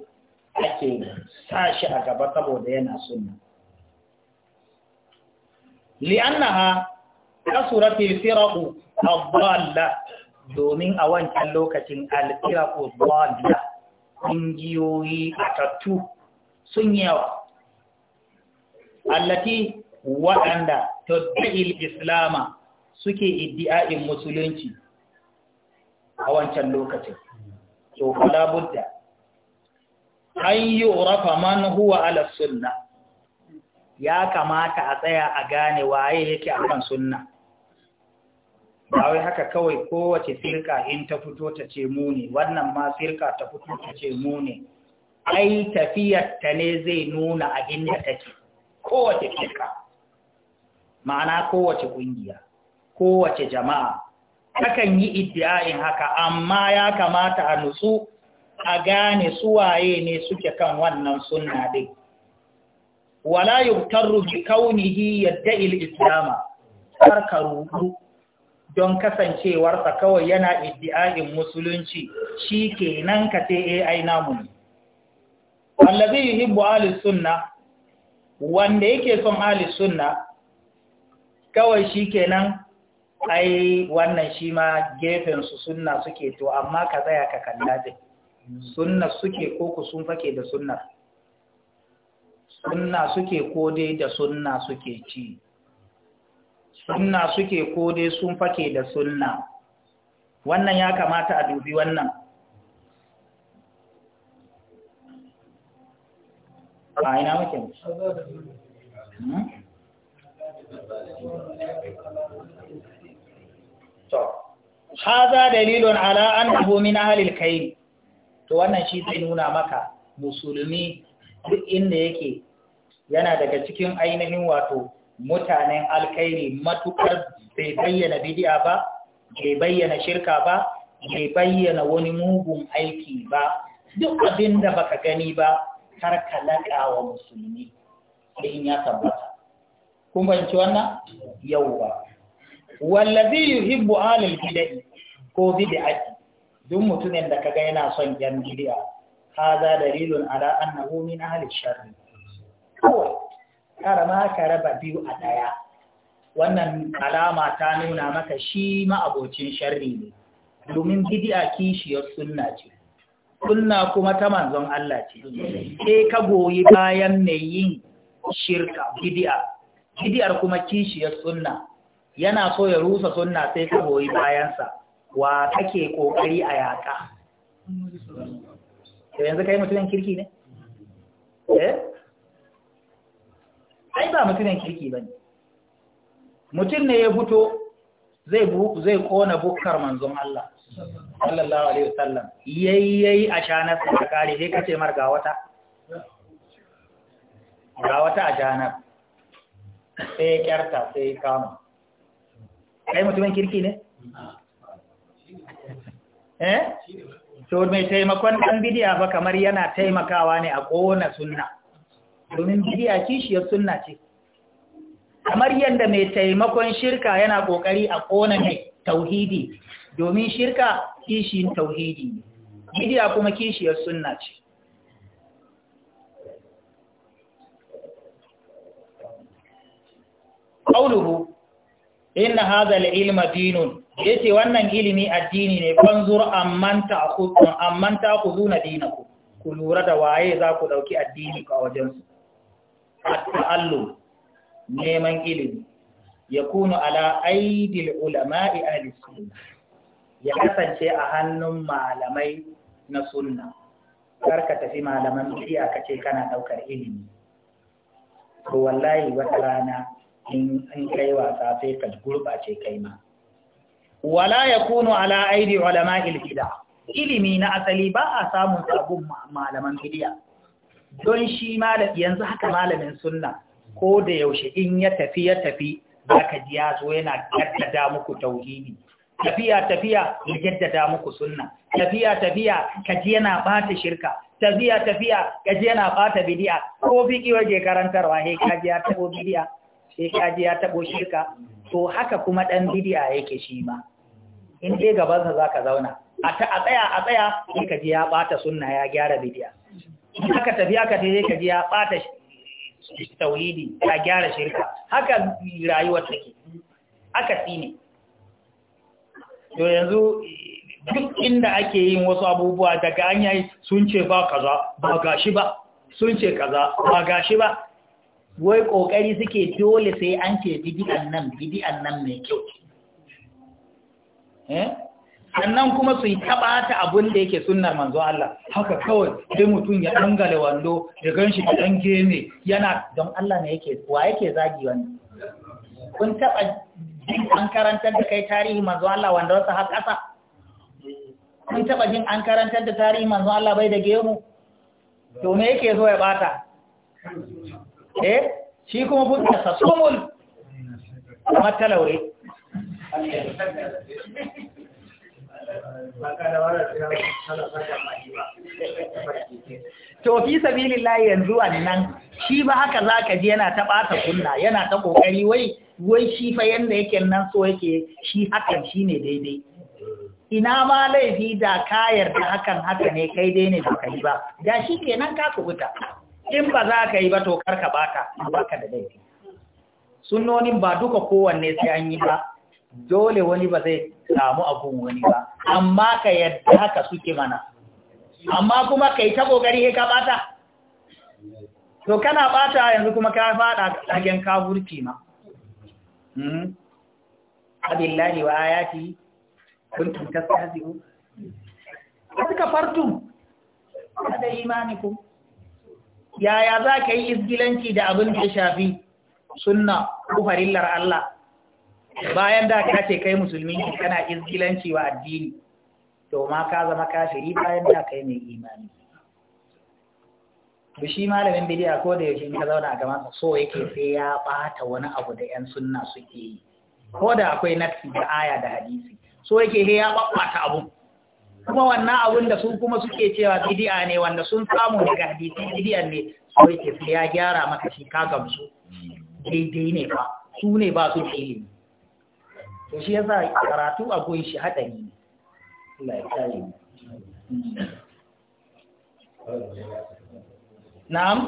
ake sa shi a gaba saboda yana sunna li'annaha kasuratil firaqu adalla domin a wancan lokacin alfiraku zuwa ƙungiyoyi a tattu sun yawa allati waɗanda tadda'il islama suke iddi'a'in musulunci a wancan lokacin to kula budda an yi rafa man huwa ala sunna ya kamata a tsaya a gane waye yake kan sunna ba wai haka kawai kowace firka in ta fito ta ce mu wannan ma firka ta fito ta ce mu ne ai tafiyar ta ne zai nuna a inda take kowace firka ma'ana kowace kungiya kowace jama'a Takan yi iddi'a'in haka amma ya kamata a nutsu a gane suwaye ne suke kan wannan sunna din wala yuktarru bi kaunihi yadda il islama rubu don kasancewarsa kawai yana iddi'a'in musulunci shi ke nan ka ce eh, ai namu ne. Wallazi yi ahli Alisunna, wanda yake son Alisunna, sunna kawai shi ke nan ai wannan shi ma gefen sunna suke to amma ka tsaya ka kalla dai sunna suke ko ku sun fake da sunna sunna suke ko dai da sunna suke ci sunna suke ko dai sun fake da sunna wannan ya kamata a dubi wannan a ina muke hmm? to haza dalilun ala annahu min ahli kayl to wannan shi zai nuna maka musulmi duk inda yake yana daga cikin ainihin wato mutanen alkhairi matuƙar bai bayyana bidiya ba bai bayyana shirka ba bai bayyana wani mugun aiki ba duk abin da baka gani ba har ka laƙa wa musulmi ɗin ya tabbata kun banci wannan Yau yawwa wallazi yuhibbu alil bid'i ko bid'ati duk mutumin da ka kaga yana son yan bid'a kaza dalilun ala annahu min ahli sharri kawai kara ma ka raba biyu a ɗaya wannan alama ta nuna maka shi ma'abocin sharri ne domin bid'a kishiyar sunna ce sunna kuma ta manzon Allah ce E, ka goyi bayan mai yin shirka bid'a bid'ar kuma kishiyar sunna yana so ya rusa sunna sai ka goyi bayansa wa kake ƙoƙari a yaka Yanzu ka yi mutumin kirki ne eh ai ba mutumin kirki ba ne mutum ne ya fito zai zai kona bukkar manzon Allah sallallahu alaihi wasallam yayyayi a shanar ta kare sai kace mar ga wata ga wata a shanar sai kyarta sai kama kai mutumin kirki ne eh to mai taimakon dan bidiya ba kamar yana taimakawa ne a kona sunna domin bidiya kishiyar sunna ce kamar yadda mai taimakon shirka yana kokari a kona mai tauhidi domin shirka kishin tauhidi bidiya kuma kishiyar sunna ce qauluhu inna hadha al-ilma dinun yace wannan ilimi addini ne banzur amman ta'khudun amman ta'khuduna dinakum ku lura da waye za ku ɗauki addini a wajensu. at Allo, neman ilimi yakunu ala aidil ulama'i ahli sunna ya kasance a hannun malamai na sunna kar ka tafi malaman bid'a kace kana daukar ilimi to wallahi wata rana in kai wasa sai ka gurbace kai ma wala yakunu ala aidi ulama'il bid'a ilimi na asali ba a samun sabon malaman bid'a don shi yanzu haka malamin sunna ko da yaushe in ya tafi ya tafi za ji ya zo yana gaddada muku tauhidi tafiya tafiya ya jaddada muku sunna tafiya tafiya ka ji yana bata shirka tafiya tafiya ka ji yana bata bidiya ko fiki waje karantarwa he ka ya tabo bidiya he ka ya tabo shirka to haka kuma dan bidiya yake shi ma in dai gaban sa zaka zauna a tsaya a tsaya ya bata sunna ya gyara bidiya in aka tafi aka tafi ka ya ɓata tauhidi ya gyara shirka haka rayuwar take aka tsine yanzu duk inda ake yin wasu abubuwa daga an yayi sun ce ba kaza ba gashi ba sun ce kaza ba gashi ba wai kokari suke dole sai an ce bidi'an nan bidi'an nan mai kyau eh sannan kuma su yi ta abin da yake sunnar manzo Allah haka kawai dai mutum ya dangale wando ya ganshi da dan geme yana don Allah ne yake wa yake zagi wani kun taɓa jin an karantar da kai tarihi manzo Allah wanda wasu har ƙasa kun taɓa jin an karantar da tarihi manzo Allah bai da gemu to me yake so ya bata eh shi kuma fuska sa sumul matalaure. to fi sabilillahi yanzu nan, shi ba haka zaka ji yana ta ɓata kunna yana ta kokari wai wai shi fa yanda yake nan so yake shi hakan shine daidai ina ma laifi da ka yarda hakan haka ne kai dai ne ba kai ba da shi kenan ka kubuta in ba za ka yi ba to karka baka baka da laifi sunnonin ba duka kowanne sai an yi ba dole wani ba zai samu abun wani ba amma ka yadda haka suke mana amma kuma ka yi ta ƙoƙari ka bata to kana ɓata yanzu kuma ka faɗa ɗagen burki ma hmm? abillahi wa ayati kuntum tastahzi'u kad kafartum da imanikum yaya za ka yi izgilanci da abin da shafi sunna ko farillar Allah bayan da ka ce kai musulmi kana izgilanci wa addini to ma ka zama kafiri bayan da kai mai imani to shi malamin bidiya ko da yake ka zauna a gaban so yake sai ya bata wani abu da yan sunna suke yi ko da akwai nafsi da aya da hadisi so yake sai ya babbata abu kuma wannan abun da su kuma suke cewa bidiya ne wanda sun samu daga hadisi bidiya ne so yake sai ya gyara maka shi ka gamsu daidai ne fa su ne ba su ilimi to shi yasa karatu a goyi shi haɗari ne Allah ya kare mu na'am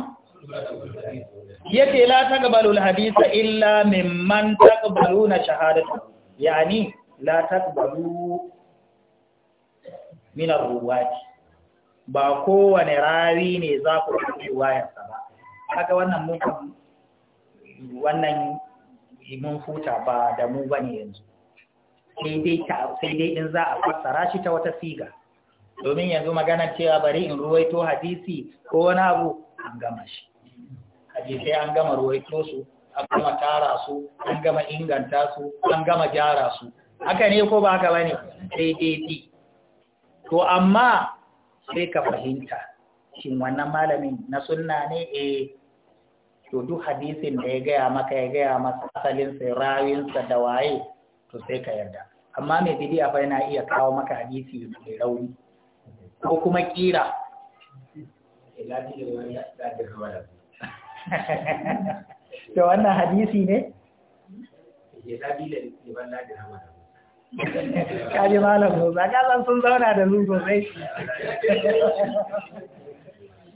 yake la taqbalu al illa mimman taqbaluna shahadatu yani la taqbalu min ar ba kowane rawi ne za ku yi wayarsa ba haka wannan mun wannan mun futa ba da mu bane yanzu sai dai in za a fassara shi ta wata siga domin yanzu magana cewa bari in ruwaito hadisi ko wani abu an gama shi hadisai an gama ruwaito su an gama tara su an gama inganta su an gama gyara su haka ne ko ba haka ba ne sai dai to amma sai ka fahimta shin wannan malamin na sunna ne eh to duk hadisin da ya gaya maka ya gaya masa asalinsa rawinsa da waye to sai ka yarda amma mai bidiya fa yana iya kawo maka hadisi mai rauni ko kuma kira da wannan hadisi ne? kaji malam musa kasan sun zauna da su sosai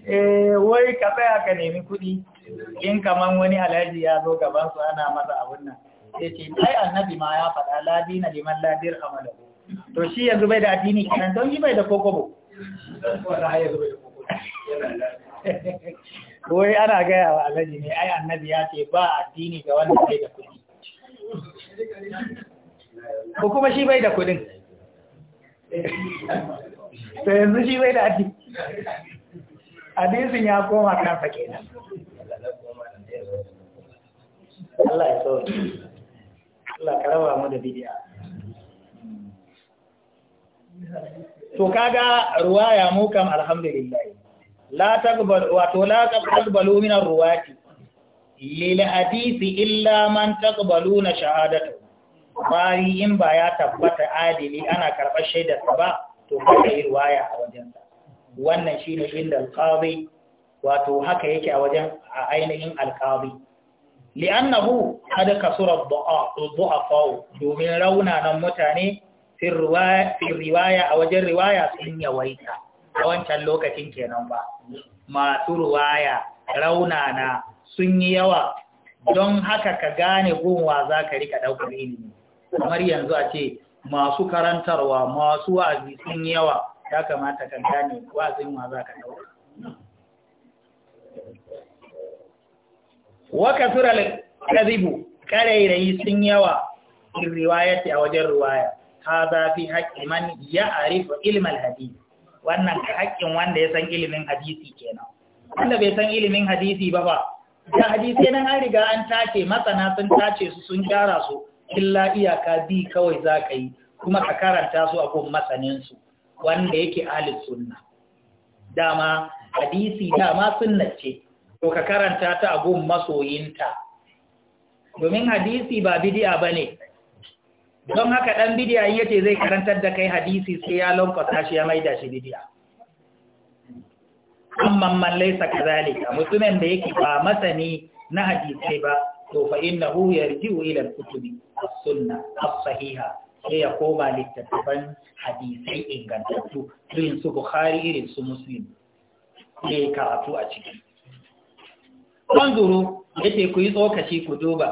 eh, wai ka tsaya ka nemi kuɗi in kaman wani alhaji ya zo gaban su ana masa abun nan sai ce ai annabi ma ya faɗa ladina liman ladir amala to shi yanzu bai da addini kenan don yi bai da kokobo [laughs] wai ana gaya wa alaji ne ai annabi ya ce ba addini ga wanda bai da kuɗi ko kuma shi bai da kuɗin to yanzu shi bai da addini Adinsin ya koma kansa kenan Allah ya Allah ka raba mu da bid'a to kaga ruwaya mu kam alhamdulillah la taqbal wato la taqbalu min ar-ruwati lil hadisi illa man taqbaluna shahadatu bari in ba ya tabbata adili ana karɓar shaidar ba to kada yi ruwaya a wajen wannan shine inda al-qadi wato haka yake a wajen a ainihin al-qadi li'annahu qad kasura ad-du'afa domin raunanan mutane fi riwaya a wajen riwaya sun yawaita a wancan lokacin kenan ba masu riwaya raunana sun yi yawa don haka ka gane gunwa za ka rika ɗaukar ilimi kamar yanzu a ce masu karantarwa masu wa'azi sun yi yawa ya kamata ka gane wa'azin wa za ka ɗauka waka kasura kadhibu karairayi sun yawa in riwayati a wajen riwaya hadha fi haƙƙi man ya ilma ilmal hadisi wannan haƙƙin wanda ya san ilimin hadisi kenan wanda bai san ilimin hadisi ba ba da hadisi nan an riga an tace masana sun tace su sun gyara su illa iyaka bi kawai za ka yi kuma ka karanta su a masanin su wanda yake ahlus sunna dama hadisi dama sunna ce to ka karanta ta a gun masoyinta domin hadisi ba bidiya ba ne don haka ɗan bidiya yi yace zai karantar da kai hadisi sai ya lankwasa shi ya maida shi bidiya amman man laisa kazalika mutumin da yake ba masani na hadisai ba to fa innahu yarji'u ila al-kutubi as-sunna as-sahiha sai ya koma littattafan hadisai ingantattu irin su bukhari irin su muslim sai karatu a ciki ya ce ku yi tsokaci ku duba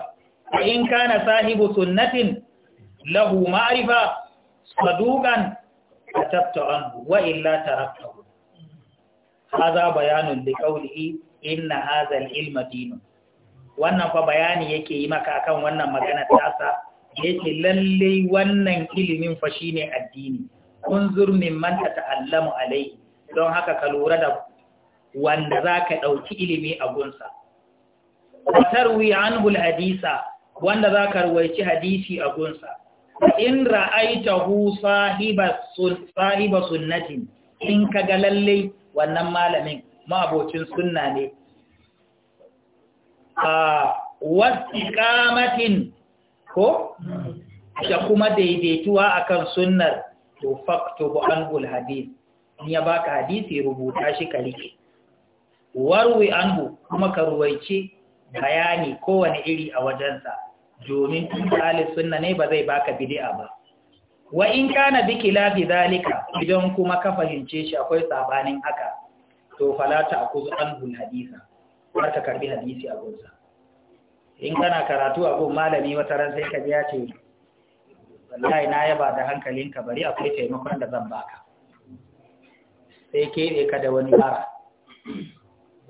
in ka na sahibu sunnatin lahu ka dukan katabta anhu wa illa taraktahu hadha bayanun liqawlihi in na al-ilma dinu. wannan fa bayani yake yi maka akan wannan magana tasa yace lallai wannan ilimin fa shi ne addini unzur ta ta’allamu alai don haka ka lura da wanda za ka ɗauki ilimi a gunsa tarwi anhu hadisa wanda za ka rawaici hadisi a gunsa in ra'aitahu sahiba sahiba sunnatin in ka ga lalle wannan malamin ma'abocin sunna ne a wasiqamatin ko da kuma daidaituwa akan sunnar to faktubu anhu hadith in ya baka hadisi rubuta shi ka rike warwi anhu kuma ka ruwaice bayani kowane iri a wajensa domin ahli sunna ne ba zai baka bid'a ba wa in kana bi khilafi zalika idan kuma ka fahimce shi akwai sabanin haka to fala ta akuzu anhu hadisa kar ka karbi hadisi a gonsa in kana karatu a gon malami wata ran sai ka biya ya ce wallahi na yaba da hankalinka bari akwai taimakon da zan baka sai keɓe ka da wani bara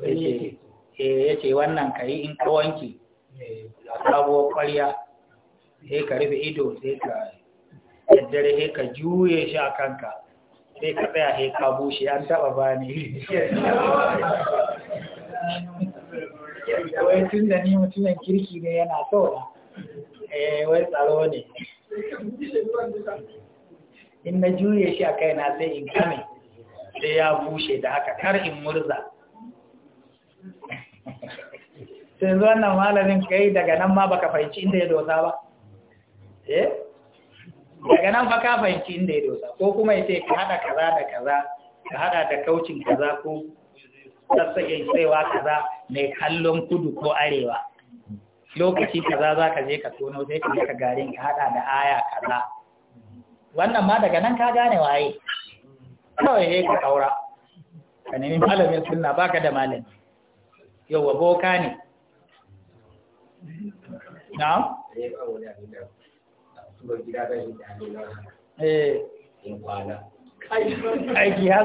wai ce Eh, ya ce wannan yi in ka wanke a sabuwar ƙwarya sai ka rufe ido sai ka daddare sai ka juye shi a kanka sai ka tsaya sai ka bushe an taɓa ba ne [laughs] wai tun da ni mutumin kirki ne yana saura eh wai tsaro ne in na juye shi a kaina sai in kame sai ya bushe da haka kar in murza sai yanzu wannan malamin yi daga nan ma baka fahimci inda ya dosa ba eh daga nan fa ka fahimci inda ya dosa ko kuma ya ce ka hada kaza da kaza ka hada da kaucin kaza ko sassaƙin tsayawa kaza mai kallon kudu ko arewa lokaci kaza za ka je ka tono sai ka ka garin ka hada da aya kaza wannan ma daga nan ka gane waye kawai ne ka kaura ka nemi malamin sunna baka da malami yau wa boka ne Eh, na? Eh. aiki ya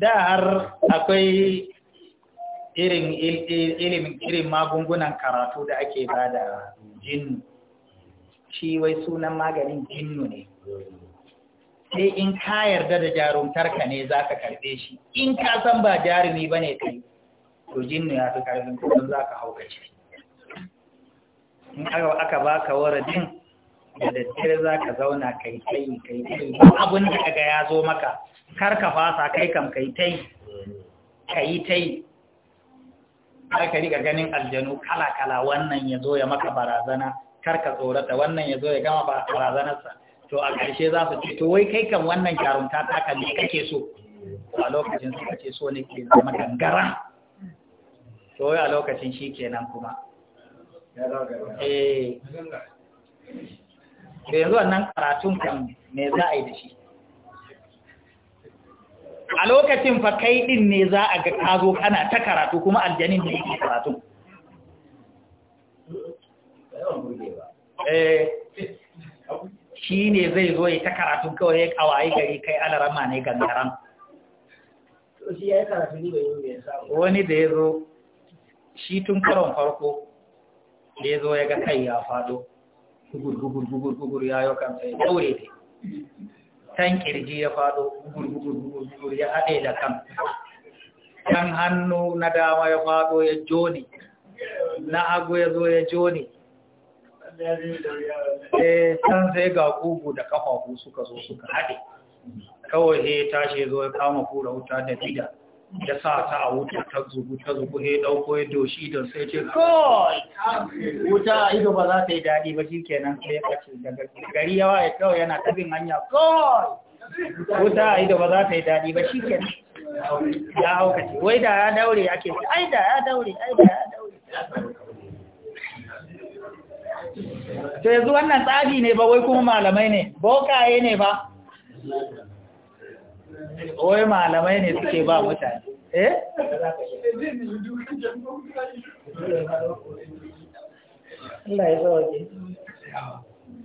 da har akwai irin ilimin irin magungunan karatu da ake bada jin shi wai sunan maganin jinnu ne sai in ka yarda da jarumtarka ne za ka karɓe shi in ka san ba jarumi ba ne kai to jinnu ya fi karfin kudin za ka hauka ciki. in aka ba ka wara jin da daddare za ka zauna kai kai kai kai abin da kaga ya zo maka kar ka fasa kai kam kai tai kai tai har ka riga ganin aljanu kala kala wannan ya zo ya maka barazana karka tsorata wannan ya zo ya gama ba barazanarsa to a ƙarshe za su ce to wai kai kan wannan jarumta ta ka ne kake so a lokacin suka ce so ne ke zama gangara to wai a lokacin shi kenan kuma eh yanzu wannan karatun kan me za a yi da shi a lokacin fa kai din ne za a ga kazo kana ta karatu kuma aljanin ne yake karatun Eh, shi ne zai zo ya ta karatu kawai ya kawai gari kai alarama ne gangaran wani da ya zo shi tun karon farko da ya zo ya ga kai ya fado gugur-gugur-gugur ya yi kan sai daure ne Tan kirji ya fado gugur-gugur-gugur ya haɗe da kan kan hannu na dama ya fado ya joni na hagu ya zo ya joni eh can sai ga kugu da kafafu suka zo suka haɗe kawai he tashi zo ya kama kura wuta da bida da sa ta a wuta ta zubu ta zubu he ɗauko ya doshi don sai ce kawai wuta a ido ba za ta yi daɗi ba shi kenan sai ya ɓace daga gari yawa ya kawai yana tabin hanya kawai wuta a ido ba za ta yi daɗi ba shi kenan ya haukace wai da ya daure ake ai da ya daure ai da ya daure To yanzu wannan tsari ne ba wai kuma malamai ne, bokaye ne ba. Wai malamai ne suke ba mutane. Eh?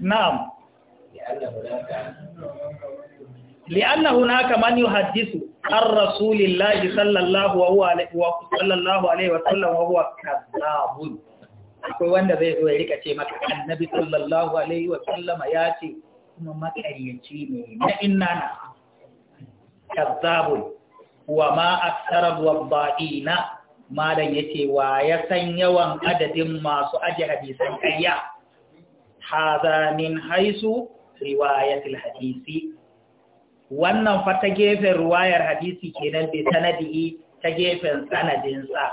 Na'am. Li'anna hunaka man yuhaddisu an Rasulillahi sallallahu alaihi wasallam wa huwa kazzabun. akwai wanda zai zo ya rika ce maka annabi sallallahu alaihi wa sallam ya ce kuma makaryaci ne na inna na kazzabul wa ma aktsara wadda'ina malam yace wa ya san yawan adadin masu aje hadisan kayya Haza min haisu riwayatul hadisi wannan fa ta gefen ruwayar hadisi kenan bi sanadi ta gefen sanadinsa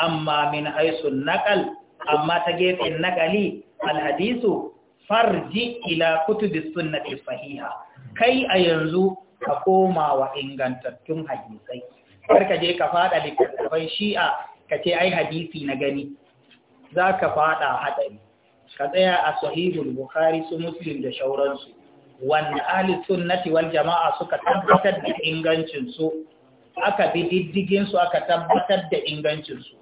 amma min haisu naqal amma ta gefen nakali, alhadisu farji ila kutubi sunnati sahiha kai a yanzu ka koma wa ingantattun hadisai Kar ka je ka fada littattafai shi'a ka ce ai hadisi na gani za ka fada hadari ka tsaya a sahihul bukhari su muslim da shauransu wanda ahli sunnati wal jama'a suka tabbatar da ingancinsu? aka bi diddigin su aka tabbatar da ingancinsu. su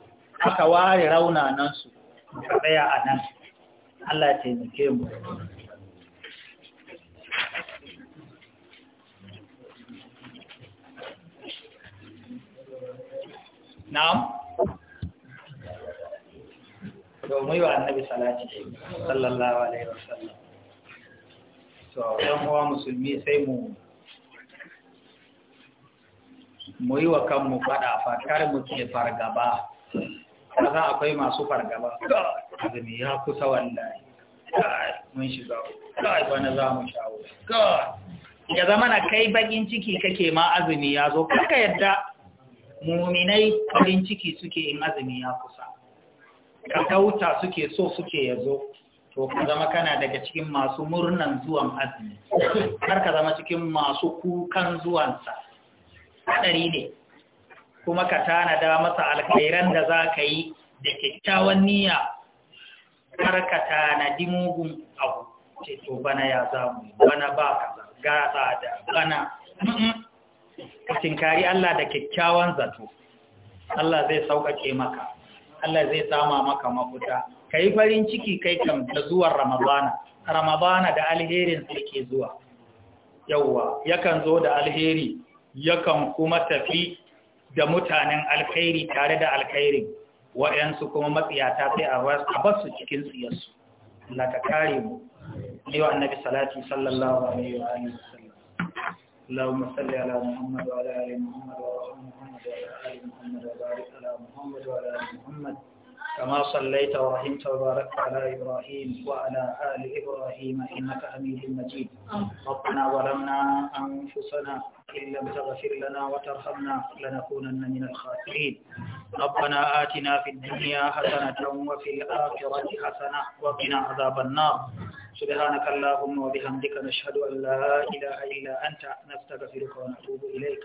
aka ware raunanan su ka tsaya a nan Allah ya taimake mu na'am mai wa annabi salati sallallahu alaihi wasallam so yan uwa musulmi sai mu mu yi wa kanmu fada fatar mu ke fargaba kaza akwai masu fargaba azumi ya kusa wallahi mun shiga kai wani za mu shawo ya zama na kai bakin ciki kake ma azumi ya zo kaka yadda muminai farin ciki suke in azumi ya kusa ka kauta suke so suke ya zo to ka zama kana daga cikin masu murnan zuwan azumi har ka zama cikin masu kukan zuwansa hadari ne kuma ka tanada masa alkhairan da za ka yi da kyakkyawan niyya kar ka tanadi mugun abu ce to bana ya zamu bana ba ka gasa da bana ka tinkari Allah da kyakkyawan zato Allah zai sauƙaƙe maka Allah zai sama maka mafuta ka yi farin ciki kai kam da zuwan Ramadana Ramadana da alherin sai ke zuwa yawwa yakan zo da alheri yakan kuma tafi da mutanen alkhairi tare da alkhairi waɗansu kuma matsiyata sai a basu cikin tsiyarsu Allah ka kare mu ne annabi salati sallallahu alaihi wa alihi wasallam Allahumma salli ala Muhammad wa ala ali Muhammad wa ala ali Muhammad wa Muhammad wa ala ali Muhammad كما صليت ورحمت وباركت على إبراهيم وعلى آل إبراهيم إنك حميد مجيد ربنا ظلمنا أنفسنا إن لم تغفر لنا وترحمنا لنكونن من الخاسرين ربنا آتنا في الدنيا حسنة وفي الآخرة حسنة وقنا عذاب النار سبحانك اللهم وبحمدك نشهد أن لا إله إلا أنت نستغفرك ونتوب إليك